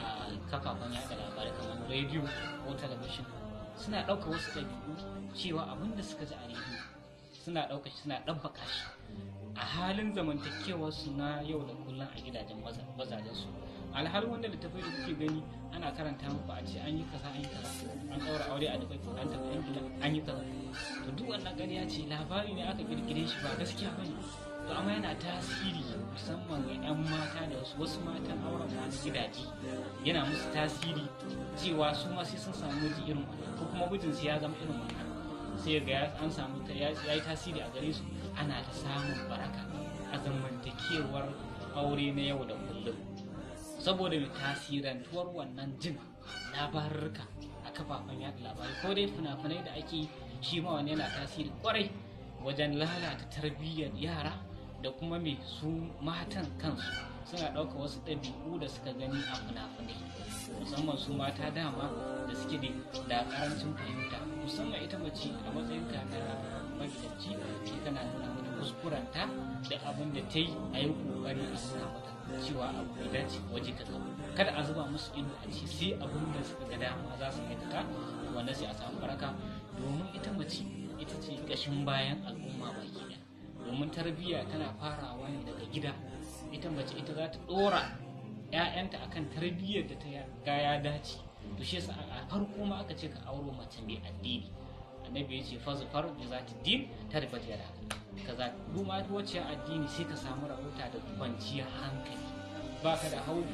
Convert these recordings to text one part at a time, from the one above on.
a kafafen yaɗa labarai kamar rediyo ko talabijin suna ɗauka wasu ɗabi'u cewa abin da suka ji a rediyo suna ɗauka shi suna ɗabbaka shi a halin su na yau da kullum a gidajen su alhali wanda littafai da kuke gani ana karanta muku a ce an yi kaza an yi kaza an ɗaura aure a dubai an tafi an an yi kaza to duk wannan ya ce labari ne aka kirkire shi ba gaskiya ba ne. to amma yana tasiri musamman ga 'yan mata da wasu matan auren masu gidaje yana musu tasiri cewa su ma sai sun samu miji irin wannan ko kuma mijinsu ya zama irin wannan sai ga an samu ya yi tasiri a gare su ana ta samun baraka a zamantakewar aure na yau da kullum saboda mai tasirantuwar wannan jin labarurka a kafafen yaɗa labarai ko dai fina-finai da ake shi ma wani yana tasiri kwarai wajen lalata tarbiyyar yara da kuma mai su matan kansu suna ɗauka wasu ɗabi'u da suka gani a fina-finai musamman su mata dama da suke da karancin fahimta musamman ita mace a matsayin kakara na magidanci tana nuna mana kuskurenta da abin da ta yi a yi kokari a suna mata cewa abu bai dace waje kaza kada a zuba musu ido a ce sai abin da suka ga dama za su aikata wanda sai a samu baraka domin ita mace ita ce kashin bayan al'umma baki ɗaya domin tarbiyya tana farawa ne daga gida ita mace ita za ta dora ‘ya'yanta akan tarbiyyar da ta ga ya dace to shi yasa a farko ma aka ce ka auro mace mai addini annabi ya ce fazfar da za ta din ta da ka za duma wacce addini sai ka samu rahota da kwanciyar hankali ba ka da hau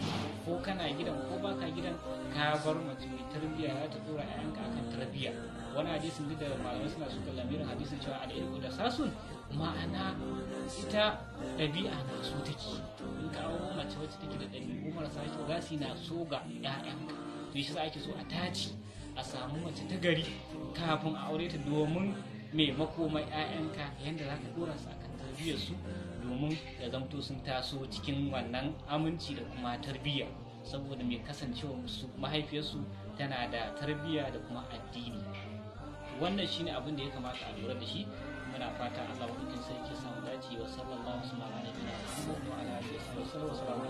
ko kana gidan ko ba gidan ka bar mace mai tarbiyya za ta dora ‘ya'yanka akan tarbiyya wani hadisin duk da malamai suna suka lamirin hadisin cewa ilmu da sasun ma'ana ita ɗabi'a na so take in kawo mace wacce take da ɗabi'u marasa kyau za su na so ga ƴaƴanka to shi ake so a tace a samu mace ta gari kafin a aure ta domin mai makoma ƴaƴanka yadda za ka dora su akan tarbiyyar su domin ya zamto sun taso cikin wannan aminci da kuma tarbiyya saboda mai kasancewa mahaifiyarsu tana da tarbiyya da kuma addini wannan shine abin da ya kamata a lura da shi muna fata Allah wani sarki kisa samu dace wa sallallahu alaihi wa sallam wa wa sallam